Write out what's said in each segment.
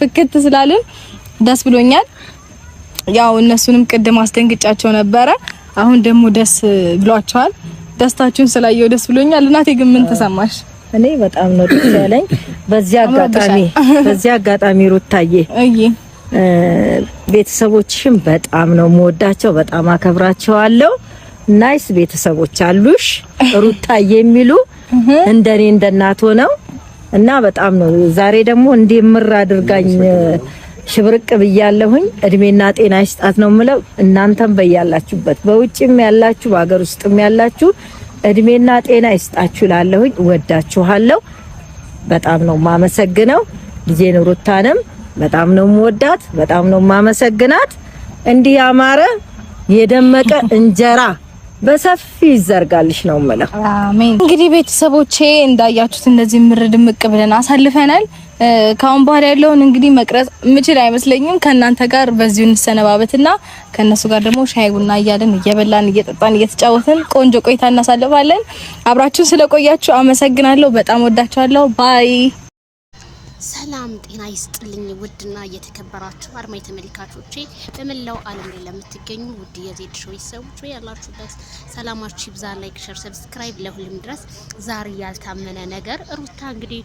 ፍክት ስላልን ደስ ብሎኛል። ያው እነሱንም ቅድም አስደንግጫቸው ነበረ። አሁን ደግሞ ደስ ብሏቸዋል። ደስታችሁን ስላየው ደስ ብሎኛል። እናቴ ግን ምን ተሰማሽ? እኔ በጣም ነው ደስ ያለኝ። በዚህ አጋጣሚ በዚህ አጋጣሚ ሩታዬ ቤተሰቦችሽም በጣም ነው የምወዳቸው፣ በጣም አከብራቸዋለሁ። ናይስ ቤተሰቦች አሉሽ ሩታዬ የሚሉ እንደኔ እንደናት ሆነው እና በጣም ነው ዛሬ ደግሞ እንዲምር አድርጋኝ ሽብርቅ ብያለሁኝ። እድሜና ጤና ይስጣት ነው ምለው። እናንተም በያላችሁበት በውጭም ያላችሁ በሀገር ውስጥም ያላችሁ እድሜና ጤና ይስጣችሁ ላለሁኝ። ወዳችኋለሁ። በጣም ነው ማመሰግነው። ልጄን ሩታንም በጣም ነው ወዳት፣ በጣም ነው ማመሰግናት። እንዲህ ያማረ የደመቀ እንጀራ በሰፊ ይዘርጋልሽ ነው የምለው። አሜን። እንግዲህ ቤተሰቦቼ እንዳያችሁት እንደዚህ ምር ድምቅ ብለን አሳልፈናል። ካሁን በኋላ ያለውን እንግዲህ መቅረጽ ምችል አይመስለኝም። ከእናንተ ጋር በዚሁ እንሰነባበትና ከእነሱ ጋር ደግሞ ሻይ ቡና እያለን እየበላን እየጠጣን እየተጫወትን ቆንጆ ቆይታ እናሳልፋለን። አብራችሁን ስለቆያችሁ አመሰግናለሁ። በጣም ወዳችኋለሁ። ባይ ሰላም ጤና ይስጥልኝ። ውድና እየተከበራችሁ አድማጭ ተመልካቾቼ በመላው ዓለም ላይ ለምትገኙ ውድ የዜድ ሾው ሰዎች ወይ ያላችሁበት ሰላማችሁ ይብዛ። ላይክ፣ ሸር፣ ሰብስክራይብ ለሁሉም ድረስ። ዛሬ ያልታመነ ነገር ሩታ እንግዲህ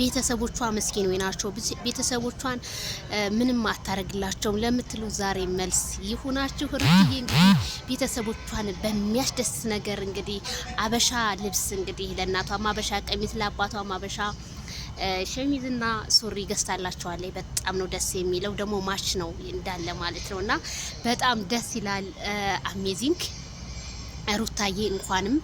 ቤተሰቦቿ መስኪን ወይ ናቸው። ቤተሰቦቿን ምንም አታደርግላቸውም ለምትሉ ዛሬ መልስ ይሁናችሁ። ሩትዬ እንግዲህ ቤተሰቦቿን በሚያስደስት ነገር እንግዲህ አበሻ ልብስ እንግዲህ ለእናቷም አበሻ ቀሚስ ለአባቷም አበሻ ሸሚዝና ሱሪ ገዝታላቸዋለች። በጣም ነው ደስ የሚለው ደግሞ ማች ነው እንዳለ ማለት ነው እና በጣም ደስ ይላል። አሜዚንግ ሩታዬ እንኳንም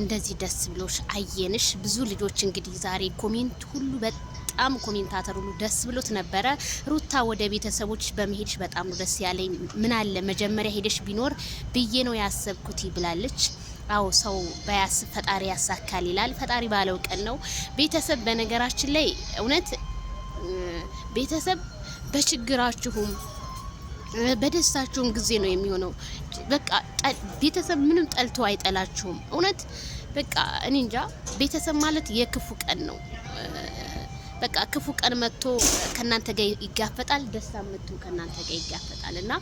እንደዚህ ደስ ብሎሽ አየንሽ። ብዙ ልጆች እንግዲህ ዛሬ ኮሜንት ሁሉ በጣም ኮሜንታተር ሁሉ ደስ ብሎት ነበረ። ሩታ ወደ ቤተሰቦች በመሄድሽ በጣም ነው ደስ ያለኝ። ምን አለ መጀመሪያ ሄደሽ ቢኖር ብዬ ነው ያሰብኩት ብላለች። አዎ ሰው በያስ ፈጣሪ ያሳካል ይላል። ፈጣሪ ባለው ቀን ነው። ቤተሰብ በነገራችን ላይ እውነት ቤተሰብ በችግራችሁም በደስታችሁም ጊዜ ነው የሚሆነው። በቃ ቤተሰብ ምንም ጠልቶ አይጠላችሁም። እውነት በቃ እኔ እንጃ ቤተሰብ ማለት የክፉ ቀን ነው። በቃ ክፉ ቀን መጥቶ ከእናንተ ጋር ይጋፈጣል። ደስታ መጥቶ ከእናንተ ጋር ይጋፈጣል እና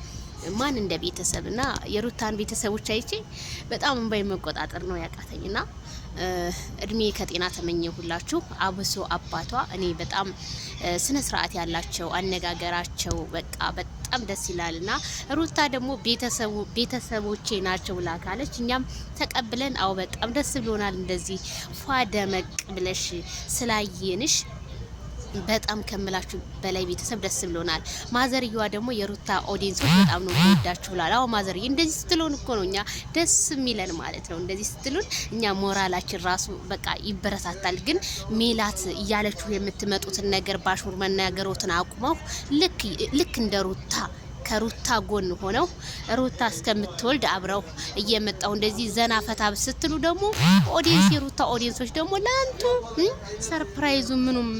ማን እንደ ቤተሰብ እና የሩታን ቤተሰቦች አይቼ በጣም እንባይ መቆጣጠር ነው ያቃተኝ ና እድሜ ከጤና ተመኘሁላችሁ። አብሶ አባቷ እኔ በጣም ስነ ስርዓት ያላቸው አነጋገራቸው በቃ በጣም ደስ ይላል ና ሩታ ደግሞ ቤተሰቦቼ ናቸው ካለች እኛም ተቀብለን አዎ በጣም ደስ ብሎናል። እንደዚህ ፏ ደመቅ ብለሽ ስላየንሽ በጣም ከምላችሁ በላይ ቤተሰብ ደስ ብሎናል። ማዘርየዋ ደግሞ የሩታ ኦዲንሶች በጣም ነው ወዳችሁ ብላል። አዎ ማዘርዬ እንደዚህ ስትሉን እኮ ነው እኛ ደስ የሚለን ማለት ነው። እንደዚህ ስትሉን እኛ ሞራላችን ራሱ በቃ ይበረታታል። ግን ሜላት እያለችሁ የምትመጡትን ነገር ባሹር መናገሮትን አቁመው ልክ ልክ እንደ ሩታ ከሩታ ጎን ሆነው ሩታ እስከምትወልድ አብረው እየመጣው እንደዚህ ዘና ፈታ ስትሉ ደግሞ ኦዲየንስ የሩታ ኦዲየንሶች ደግሞ ለአንቱ ሰርፕራይዙ ምኑም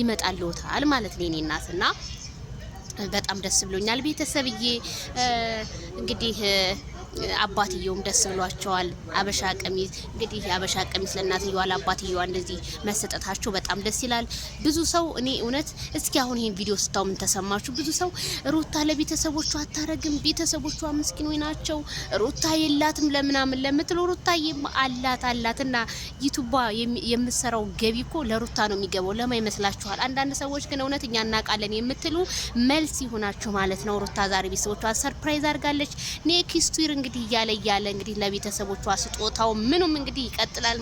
ይመጣልዎታል ማለት ነው። እኔ እናትና በጣም ደስ ብሎኛል ቤተሰብዬ እንግዲህ አባትየውም ደስ ብሏቸዋል። አበሻ ቀሚስ እንግዲህ አበሻ ቀሚስ ለእናትየዋ ለአባትየዋ እንደዚህ መሰጠታቸው በጣም ደስ ይላል። ብዙ ሰው እኔ እውነት እስኪ አሁን ይህን ቪዲዮ ስታው ምን ተሰማችሁ? ብዙ ሰው ሩታ ለቤተሰቦቿ አታረግም፣ ቤተሰቦቿ ወይ ናቸው፣ ሩታ የላትም ለምናምን ለምትሉ ሩታ አላት አላት እና ዩቱባ የምትሰራው ገቢ እኮ ለሩታ ነው የሚገባው። ለማ ይመስላችኋል? አንዳንድ ሰዎች ግን እውነት እኛ እናውቃለን የምትሉ መልስ ይሆናችሁ ማለት ነው። ሩታ ዛሬ ቤተሰቦቿ ሰርፕራይዝ አድርጋለች። ኔክስት ዊር እንግዲህ እያለ እያለ እንግዲህ ለቤተሰቦቿ ስጦታው ምኑም እንግዲህ ይቀጥላል።